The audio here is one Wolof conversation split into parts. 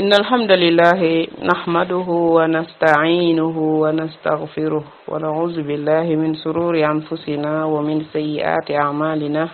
إن الحمد لله نحمده ونستعينه ونستغفره ونعوذ بالله من سرور أنفسنا ومن سيئات أعمالنا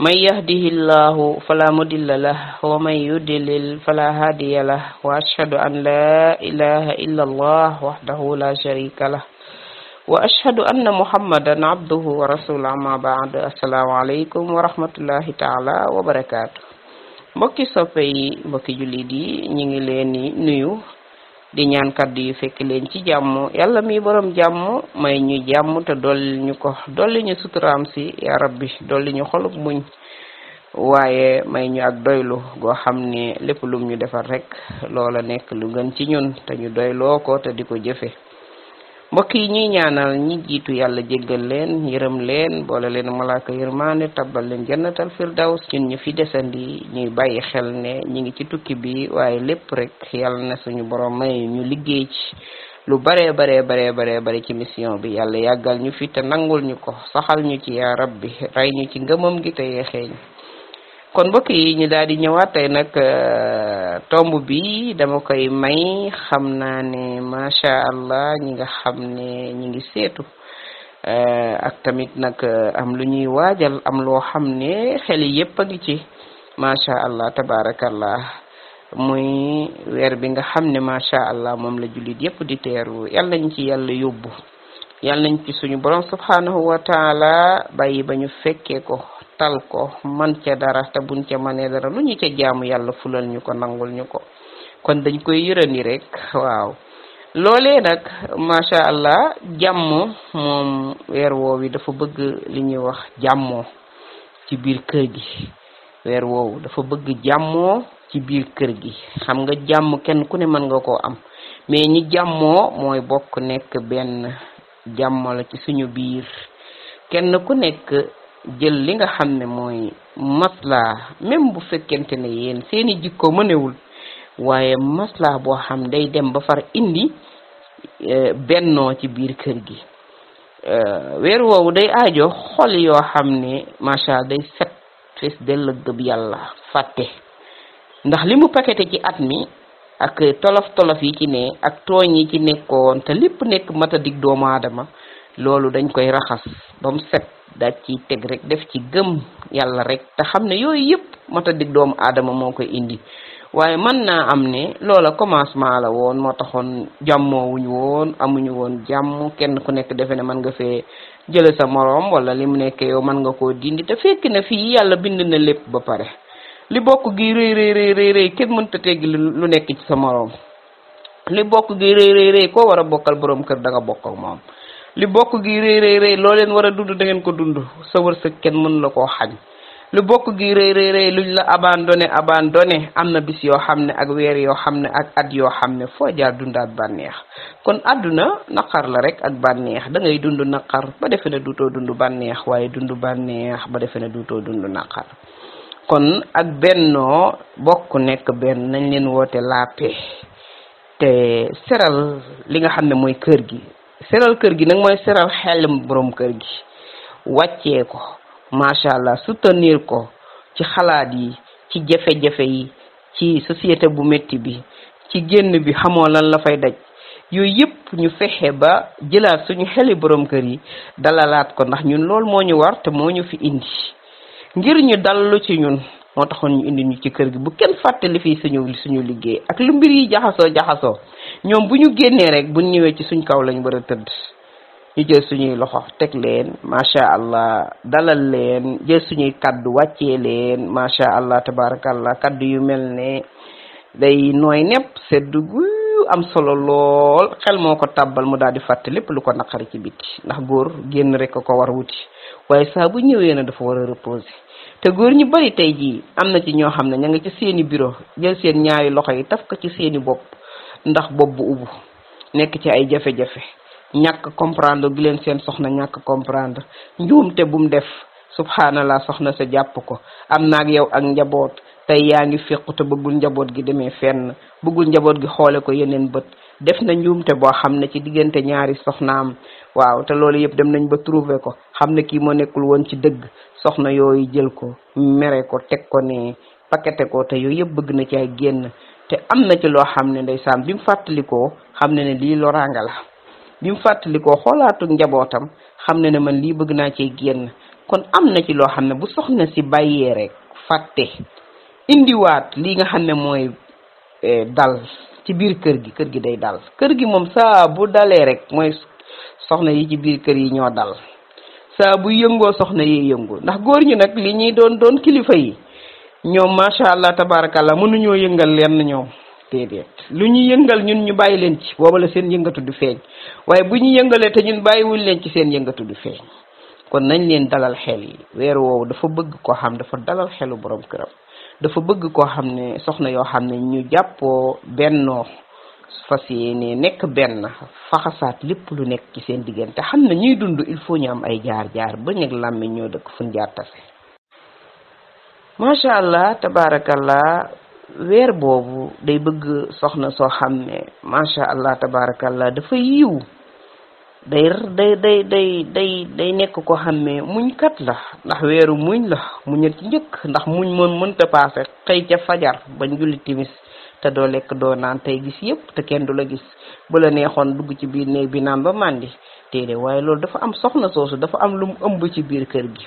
من يهده الله فلا مضل له ومن يضلل فلا هادي له وأشهد أن لا إله إلا الله وحده لا شريك له وأشهد أن محمدا عبده ورسوله أما بعد السلام عليكم ورحمة الله تعالى وبركاته mbokki soppe yi mbokki jullit yi ñu ngi leen ni nuyu di ñaan kàddu yu fekk leen ci jàmm yàlla mi borom jàmm may ñu jàmm te dolli ñu ko dolli ñu suturaam si ya rabbi dolli ñu xolub muñ waaye may ñu ak doylu goo xam ne lépp lum ñu defar rekk loola nekk lu gën ci ñun te ñu doyloo ko te di ko jëfe mbokk yi ñuy ñaanal ñi jiitu yàlla jéggal leen yërëm leen boole leen malaaka yërmaane tabbal leen jannatal daw ñun ñu fi desandi ñuy bàyyi xel ne ñu ngi ci tukki bi waaye lépp rek yàlla na suñu borom may ñu liggéey ci lu bare bare bare bare bare ci mission bi yàlla yàggal ñu fi te nangul ñu ko saxal ñu ci yaa bi rey ñu ci ngëmam gi te yeexee ñu kon mbokk yi ñu daal di ñëwaat tey nag euh, tomb bi dama koy may xam naa ne macha allah ñi nga xam ne ñi ngi seetu euh, ak tamit nag euh, am lu ñuy waajal am loo xam ne xel yépp a ngi ci macha allah tabaarakallah muy weer bi nga xam ne macha allah moom la jullit yépp di teeru yàlla nañ ci yàlla yóbbu yàlla nañ ci suñu borom subhanahu wa taala bàyyi ba ñu fekkee ko tal ko man ca dara ta buñ ca mané dara luñu ca jaamu yalla fulal ñuko nangul ñuko kon dañ koy yërëni rek waaw nak ma masha allah jàmm moom weer woowi dafa bëgg li ñi wax jamm ci biir kër gi weer woowu dafa bëgg jamm ci biir kër gi xam nga jamm kenn ku ne man nga ko am mais ñi jamm moy bokk nek ben jamm la ci suñu biir kenn ku nek jël li nga xam ne mooy maslaa même bu fekkente ne yéen seeni jikko mënewul waaye maslaa boo xam day dem ba far indi e, bennoo ci biir kër gi e, weer woowu day aajo xol yoo xam ne macha allah day set fees dell la gëb yàlla fàtte ndax li mu pakete ci at mi ak tolof tolof yi ci ne ak tooñ yi ci nekkoon te lépp nekk matadik doomu aadama loolu dañ koy raxas ba set da ci teg rek def ci gëm yalla rek te xamne yoy yep mata dig doom adama moko indi waye man na am ne loola commencement la mo taxone jammo wuñ won amuñu won jamm kenn ku nek defene ne nga fe jële sa morom wala li mu nekk yow man nga ko dindi te fekk na fi yalla bind na lepp ba pare li bokk gi rëy rëy rëy rëy rëy kenn ta teggi lu nekk ci sa morom li bokk gi rëy rëy rëy ko wara bokal borom kër da nga bokk ak mom li bokk gi rëy rëy rëy loo leen war a dund da ngeen ko dund sa wërsëg kenn mën la koo xañ lu bokk gi rëy rëy rëy luñ la abandonné abandonné am na bis yoo xam ne ak weer yoo xam ne ak at yoo xam ne foo jaar dundaat bànneex kon àdduna naqar la rek ak bànneex da dund naqar ba defe ne duutoo dund bànneex waaye dund bànneex ba defe ne duutoo dund naqar kon ak bennoo bokk nekk benn nañ leen woote la paix te seral li nga xam ne mooy kër gi seral kër gi nag mooy seral xelum borom kër gi wàccee ko macha allah soutenir ko ci xalaat yi ci jafe-jafe yi ci société bu métti bi ci génn bi xamoo lan la fay daj yooyu yëpp ñu fexe ba jëlaat suñu xeli borom kër yi dalalaat ko ndax ñun loolu moo ñu war te moo ñu fi indi ngir ñu dallu ci ñun moo taxoon ñu indi ñu ci kër gi bu kenn fàtte li fi suñu suñu liggéey ak lu mbir yi jaxasoo jaxasoo ñom buñu génné rek buñ ñëwé ci suñ kaw lañu bëra tëdd ñu jël suñuy loxo tek leen allah dalal leen jël suñuy kaddu wàccee leen allah tabarakallah kaddu yu mel ne day nooy nepp seddu gu am solo lool xel moo ko tàbbal mu daal di fàtte lépp lu ko naqari ci biti ndax góor génn rek ko war wuti waaye saa bu ñëwee na dafa war reposer te góor ñu bari tey jii am na ci ñoo xam ne ña nga ci seeni bureau jël seen ñaari loxo taf ko ci seeni bopp ndax bopp bu ubu nekk ci ay jafe-jafe ñàkk comprendre gi leen seen soxna ñàkk comprendre njuumte bu mu def subhanallah soxna sa jàpp ko am naag yow ak njaboot tey yaa ngi féqu te bëggul njaboot gi demee fenn bëggul njaboot gi xoole ko yeneen bët def na njuumte boo xam ne ci diggante ñaari soxnaam waaw te loolu yëpp dem nañ ba trouver ko xam ne kii moo nekkul woon ci dëgg soxna yooyu jël ko mere ko teg ko ne pakete ko te yooyu yëpp bëgg na ci ay génn te am na ci loo xam ne ndeysaan bi mu fàttalikoo xam ne ne lii loraanga la bi mu fàttalikoo xoolaatu njabootam xam ne ne man lii bëgg naa cee génn kon am na ci loo xam ne bu soxna si bàyyee rek fàtte indiwaat lii nga xam ne mooy eh, dal ci biir kër gi kër gi day dal kër gi moom saa bu dalee rek mooy soxna yi ci biir kër yi ñoo dal saa bu yëngoo soxna yi yëngul ndax góor ñi nag li ñuy doon doon kilifa yi ñoom macha allah tabarakallah mënuñoo yëngal lenn ñoom déedéet lu ñu yëngal ñun ñu bàyyi leen ci booba la seen yëngatu du feeñ waaye bu ñu yëngalee te ñun bàyyiwuñ leen ci seen yëngatu du feeñ kon nañ leen dalal xel yi weer woowu dafa bëgg koo xam dafa dalal xelu borom dafa bëgg koo xam ne soxna yoo xam ne ñu jàppoo bennoo fas yéene nekk benn faxasaat lépp lu nekk ci seen diggante xam ne ñuy dund il faut ñu am ay jaar jaar ba ñeg làmmiñ ñoo dëkk fuñ jaar tase macha allah tabaarakallah weer boobu day bëgg soxna soo xam ne macha allah tabaarakallah dafa yiw day day day day day nekk ko xam ne muñkat la ndax weeru muñ la muñal ci njëkk ndax muñ mën mënta paase xëy ca fajar bañ julli timis te doo lekk doo naan tey gis yëpp te kenn du la gis bu la neexoon dugg ci biir néeg bi naan ba màndi téere waaye loolu dafa am soxna soosu dafa am lu mu ëmb ci biir kër gi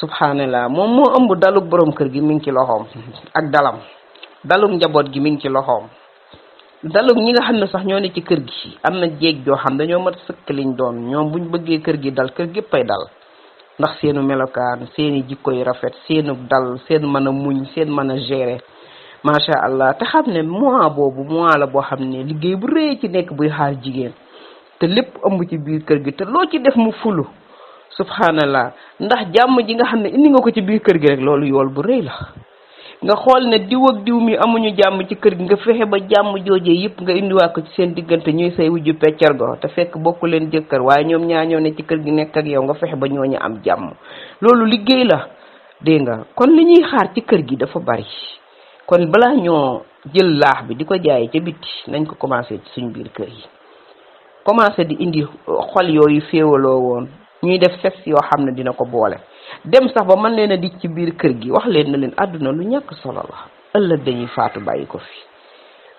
subhanallah mom mo ëmb dalug borom kër gi mi ci loxom ak dalam dalug njabot gi mi ci loxom dalug ñi nga xamne sax ñoo ci kër gi amna jéeg xam dañoo mat sëkk liñ doon ñoom buñ bëggee kër gi dal kër pay dal ndax seenu melokaan seeni jikko yu rafet seenu dal seen mëna muñ seen mëna gérer allah te xamne ne mois bobu mois la bo xamne ne liggéey bu reey ci nekk buy xaar jigéen te lépp ëmb ci biir kër gi te loo ci def mu fulu subhanallah ndax jàmm ji nga xam ne indi nga ko ci biir kër gi rek loolu yool bu rëy la nga xool ne diw ak diw mi amuñu jàmm ci kër gi nga fexe ba jàmm joojee yëpp nga indiwaat ko ci seen diggante ñuy say wujju peccar te fekk bokku leen jëkkër waaye ñoom ñaañoo ne ci kër gi nekk ak yow nga fexe ba ñooñu am jàmm loolu liggéey la dégg nga kon li ñuy xaar ci kër gi dafa bari kon balaa ñoo jël laax bi di ko jaayee ca bitti nañ ko commencé ci suñ biir kër yi commencé di indi xol yooyu féewaloo woon ñuy def fes yoo xam ne dina ko boole dem sax ba mën leen a dij ci biir kër gi wax leen na leen àdduna lu ñàkk solo la ëllëg dañuy faatu bàyyi ko fi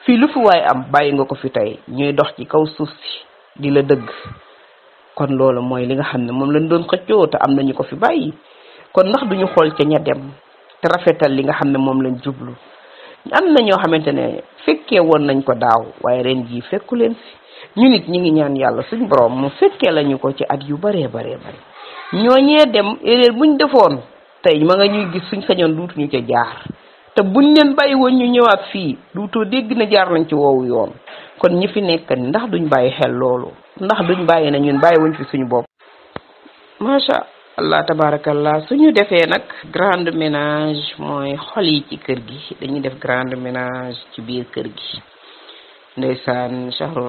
fii lu fi waaye am bàyyi nga ko fi tey ñuy dox ci kaw suuf si di la dëgg kon loolu mooy li nga xam ne moom lañ doon xëccoo te am nañu ko fi bàyyi kon ndax du ñu xool ca ña dem te rafetal li nga xam ne moom lañ jublu am na ñoo xamante ne fekkee woon nañ ko daaw waaye ren jii fekku leen fi ñu nit ñi ngi ñaan yàlla suñ boroom mu fekkee lañu ko ci at yu baree baree bare ñooñee dem erreur buñ defoon tey ma nga ñuy gis suñ sañoon duutuñu ca jaar te buñ leen bàyyi woon ñu ñëwaat fii duutoo dégg na jaar nañ ci woowu yoon kon ñi fi nekk ni ndax duñ bàyyi xel loolu ndax duñ bàyyi na ñun bàyyi wuñ fi suñu bopp macha allah su ñu defee nag grande ménage mooy xol ci kër gi dañuy def grande ménage ci biir kër gi ndeysaan saxru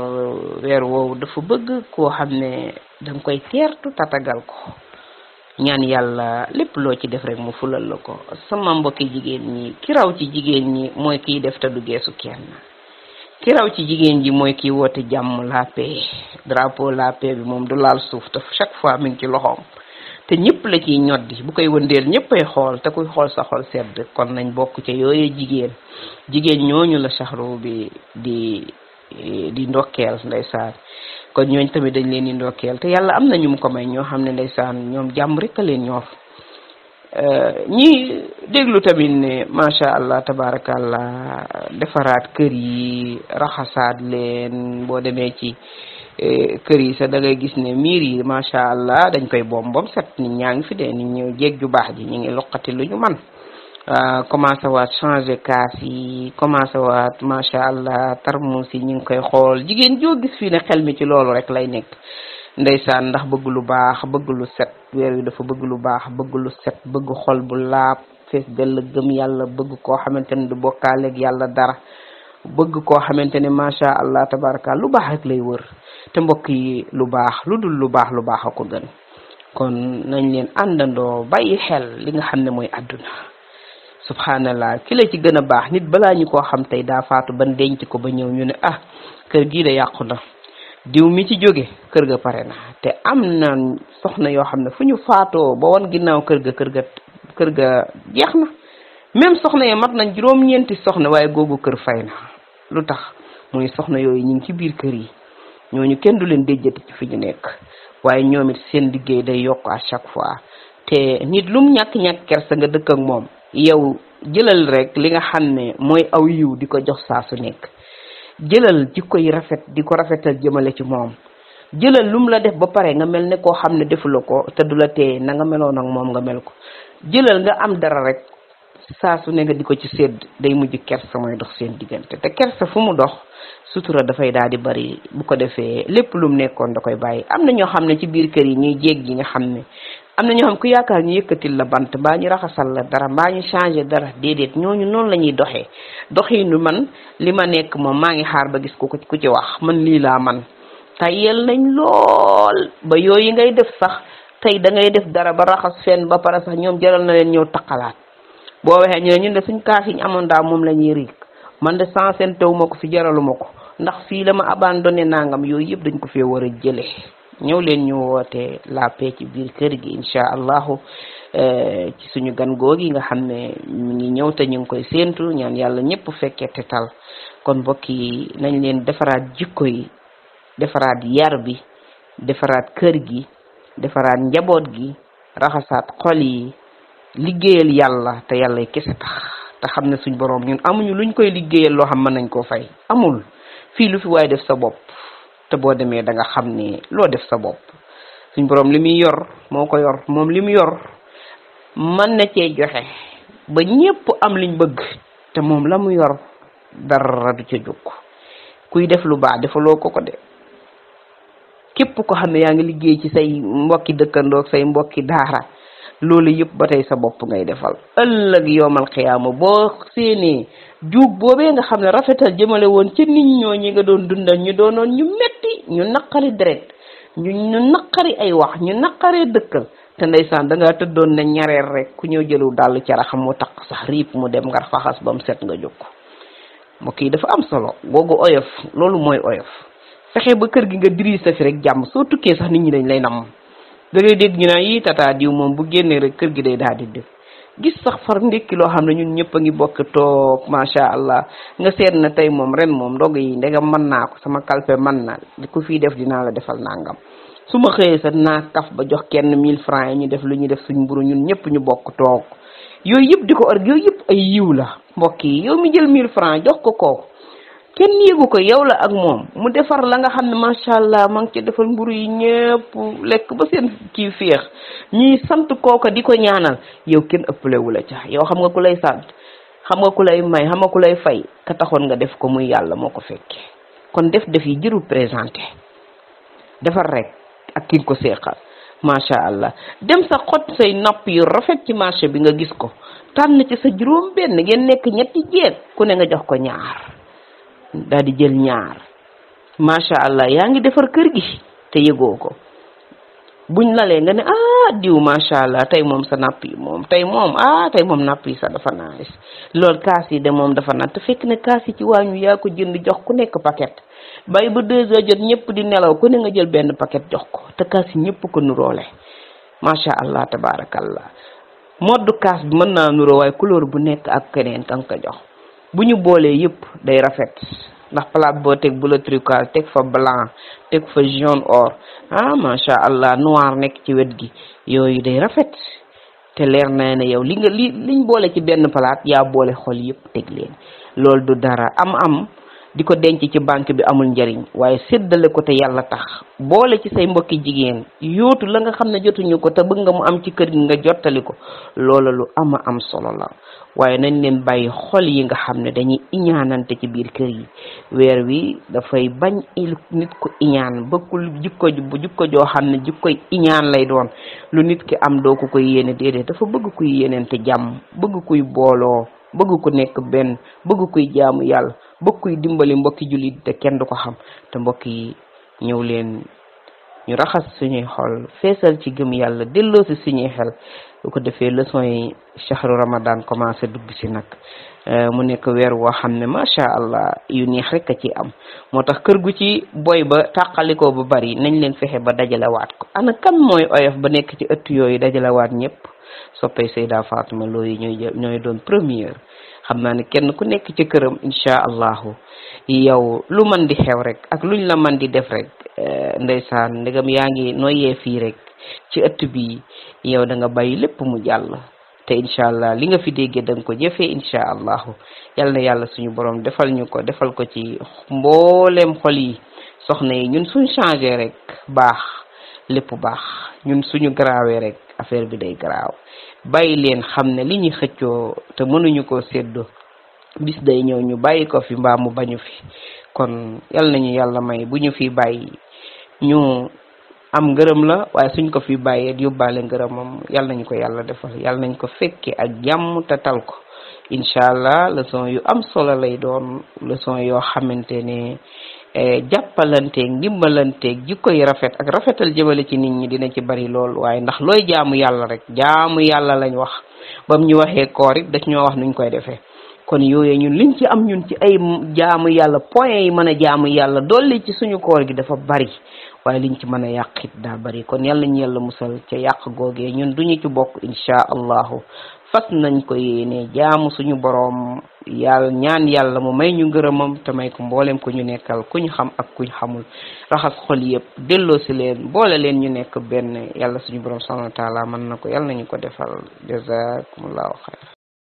weer woowu dafa bëgg koo xam ne danga koy teertu tatagal ko ñaan yàlla lépp loo ci def rek mu fulal la ko sama mbokki jigéen ñi ki raw ci jigéen ñi mooy kiy def te du geesu kenn ki raw ci jigéen ji mooy ki woote jàmm la paix drapeau la bi moom du laal suuf te chaque fois mu ngi ci loxoom te ñëpp la ciy ñoddi bu koy wëndeel ñëppay xool te kuy xool sa xol sedd kon nañ bokk ca yooyu jigéen jigéen ñooñu la saxru bi di di ndokkeel ndeysaan kon ñooñ tamit dañ leen di ndokkeel te yàlla am na ñu mu ko may ñoo xam ne saan ñoom jàmm rek a leen ñoof euh, ñi déglu tamit ne macha allah tabaarakallah defaraat kër yi raxasaat leen boo demee ci Eh, kër yi sax dangay gis ne miir yi macha allah dañ koy boom boom set nit ñaa ngi fi de nit ñu jéeg ju baax ji ñu ngi loqati lu ñu man ah, commencé waat changé kaas yi commencé waat macha allah tarmuus yi ñu ngi koy xool jigéen joo gis fii ne xel mi ci loolu rek lay nekk ndeysaan ndax bëgg lu baax bëgg lu set weer wi dafa bëgg lu baax bëgg lu set bëgg xol bu laab fees dell gëm yàlla bëgg koo xamante ne du bokkaaleeg yàlla dara bëgg koo xamante ne macha allah tabaraka lu baax rek lay wër te mbokk yi lu baax lu dul lu baax lu baax a gën kon nañ leen àndandoo bàyyi xel li nga xam ne mooy àdduna subhanallah ki la ci gën a baax nit balaa ñu koo xam tey daa faatu ban denc ko ba ñëw ñu ne ah kër gii de yàqu na diw mi ci jóge kër ga pare na te am na soxna yoo xam ne fu ñu faatoo ba wan ginnaaw kër ga kër ga kër ga jeex na même soxna yi mat nañ juróom-ñeenti soxna waaye googu kër fay na lu tax mu ne soxna yooyu ñu ngi ci biir kër yi ñooñu kenn du leen déjjati ci fi ñu nekk waaye ñoom it seen liggéey day yokk a chaque fois te nit lum ñàkk-ñàkk kersa nga dëkk ak moom yow jëlal rek li nga xam ne mooy aw yiw di ko jox saa su nekk jëlal ji koy rafet di ko rafetal jëmale ci moom jëlal lum la def ba pare nga mel ne koo xam ne defu la ko te du la tee nanga nga meloon ak moom nga mel ko jëlal nga am dara rek saa su ne nga di ci sedd day mujj kersa mooy dox seen diggante te kersa fu mu dox sutura dafay daal di bari bu ko defee lépp mu nekkon da koy bàyyi amna ño ñoo ci biir kër yi ñuy jégg yi nga xam amna am xam ku yaakaar ñu yëkkatil la bant ba ñu raxasal la dara ba ñu changer dara déedéet ñooñu non lañuy doxé doxé ñu man li ma nekk mo ma ngi xaar ba gis ko ku ci wax man li la man yel nañ lool ba yi ngay def sax tay da ngay def dara ba raxas fenn ba para sax ñom jëral na leen ñëw taqalaat boo waxee ñu ne de suñ kaas yiñ amoon daaw moom la ñuy riig man de sans seen taw ma ko fi jaralu ma ko ndax fii la ma abandonné nangam yooyu yëpp dañ ko fee war a jële ñëw leen ñu woote la paix biir kër gi incha allahu eh, ci suñu gan googi nga xam ne ñëw te ñu ngi koy séentu ñaan yàlla ñëpp fekkee te tal kon mbokk yi nañ leen defaraat jikko yi defaraat yar bi defaraat kër gi defaraat njaboot gi raxasaat xol liggéeyal yàlla te yàlla kese tax te xam ne suñ borom ñun amuñu luñ koy liggéeyal loo xam mën nañ fay amul fii lu fi waaye def sa bopp te boo demee da nga xam ne def sa bopp suñ borom li muy yor moo ko yor moom li mu yor man na cee joxe ba ñépp am liñ bëgg te moom la yor dara du ca jukk kuy def lu baax defaloo ko ko de képp ko xam ne yaa ngi liggéey ci say mbokki dëkkandoog say mbokki daara loolu yëpp ba tey sa bopp ngay defal ëllëg yoomal xiyaama boo séenee juug boobee nga xam ne rafetal jëmale woon ci nit ñoo ñi nga doon dundal ñu doonoon ñu metti ñu naqari deret ñu ñu naqari ay wax ñu naqaree dëkkal te ndeysaan da ngaa tëddoon ne ñareer rek ku ñëw jëlu dàll ca xam mu taq sax riip mu dem nga faxas ba mu set nga jóg mbokk yi dafa am solo googu oyof loolu mooy oyof fexe ba kër gi nga diri sa fi rek jàmm soo tukkee sax nit ñi dañ lay namm da ngay dégg ñu naan yii moom bu génnee rek kër gi day daal di def gis sax far ndékki loo xam ne ñun ñëpp a ngi bokk toog macha allah nga seet na tey moom ren moom dog yi ndegam mën naa ko sama kalpe mën na ku fii def dinaa la defal nangam su ma xëyee sa naa kaf ba jox kenn mille francs yi ñu def lu ñu def suñ mburu ñun ñëpp ñu bokk toog yooyu yëpp di ko or yooyu yëpp ay yiw la mbokk yi yow mi jël 1000 francs jox ko kooku kenn yëgu ko yow la ak moom mu defar la nga xam ne macha allah ma ngi ci defal mburu yi ñëpp lekk ba seen kii féex ñuy sant kooka di ko ñaanal yow kenn ëppalewu la ca yow xam nga ku lay sant xam nga ku lay may xam nga ku lay fay ka taxoon nga def ko muy yàlla moo ko fekkee kon def def yi jërul présenté defar rek ak ki ko seexal macha allah dem sa xot say nopp yu rafet ci marché bi nga gis ko tànn ci sa juróom benn ngeen nekk ñetti jeeg ku ne nga jox ko ñaar da di jël ñaar allah yang ngi defar kër gi te yego ko buñ lé nga né ah diw macha allah tay mom sa nappi mom tay mom ah tay mom nappi sa dafa naaris lool kaas yi de mom dafa naan te fekk ne kaas yi ci wañu ya ko jënd jox ku nekk paquet bay bu 2 heures jot ñepp di nelaw ku ne nga jël benn paquet jox ko te kaas yi ñepp ko allah tabarakallah moddu kaas bi mën naa nuroo way couleur bu nekk ak keneen tanka jox bu ñu boolee yëpp day rafet ndax palaat boo teg bu la trucage teg fa blanc teg fa jaune or ah macha allah noir nekk ci wet gi yooyu day rafet te leer na ne yow li nga li liñ boole ci benn palaat yaa boole xool yëpp teg leen loolu du dara am am di ko denc ci banque bi amul njariñ waaye séddale ko te yàlla tax boole ci say mbokki jigéen yootu la nga xam ne jotuñu ko te bëgg nga mu am ci kër gi nga jottali ko loola lu ama am solo la waaye nañ leen bàyyi xol yi nga xam ne dañuy iñaanante ci biir kër yi weer wi dafay bañ nit ku iñaan bëggul jikko bu jikko joo xam ne jikkoy iñaan lay doon lu nit ki am doo ko koy yéene déedéet dafa bëgg kuy yeneen yéenante jàmm bëgg kuy booloo bëgg ku nekk benn bëgg kuy jaamu yàlla bëgg kuy dimbali mbokki jullit te kenn du ko xam te mbokk yi ñëw leen ñu raxas suñuy xol feesal ci gëm yàlla delloo suñuy xel bu ko defee leson yi chahru ramadan commencé dugg si nag euh, mu nekk weer woo xam ne macha allah yu neex rek a ci am moo tax kër gu ci boy ba tàqalikoo ba bari nañ leen fexe ba dajalawaat ko ana kan mooy oyof ba nekk ci ëtt yooyu dajalawaat ñëpp soppay Seyda Faatuma Lo yi ñooy ñooy doon première xam naa ni kenn ku nekk ci këram incha allahu yow lu man di xew rek ak luñ la man di def rek Eh, ndeysaan ndegam yaa ngi noyee fii rek ci ëtt bi yow danga nga bàyyi lépp mu jàll te incha allah li nga fi déggee da ko jëfee incha allahu yal na yàlla suñu borom defal ñu ko defal ko ci mboolem xol yi soxna yi ñun suñ changé rek baax lépp baax ñun suñu garaawee rek affaire bi day garaaw bàyyi leen xam ne li ñuy xëccoo te mënuñu ko séddoo bis day ñëw ñu bàyyi ko fi mbaa mu bañu fi kon yal nañu yàlla may bu ñu fi bàyyi ñu am ngërëm la waaye suñ ko fi bàyyee yóbbaale ngërëmam yàlla nañu ko yàlla defal yàlla nañ ko fekke ak jàmm te tal ko incha allah leçon yu am solo lay doon leçon yoo xamante ne eh, jàppalanteeg ndimbalanteeg jikko yi rafet ak rafetal jëmale ci nit ñi dina ci bari lool waaye ndax looy jàmm yàlla rek jaamu yàlla lañu wax bam ñu waxee koor it dañ ñoo wax nuñ koy defee kon yooyu ñun liñ ci am ñun ci ay jaamu yàlla point yi mën a jaamu yàlla dolli ci suñu koor gi dafa bari waaye liñ ci mën a yàq daa bari kon yàlla ñu yàlla musal yàq googee ñun duñu ci bokk insha allahu fas nañ ko yéene jaamu suñu boroom yàlla ñaan yàlla mu may ñu ngërëmam te may ko mbooleem ko ñu nekkal ku ñu xam ak ku xamul raxas xol yëpp delloo si leen boole leen ñu nekk benn yàlla suñu boroom subhanahu wa mën na ko yàlla nañu ko defal jazakumullahu xayr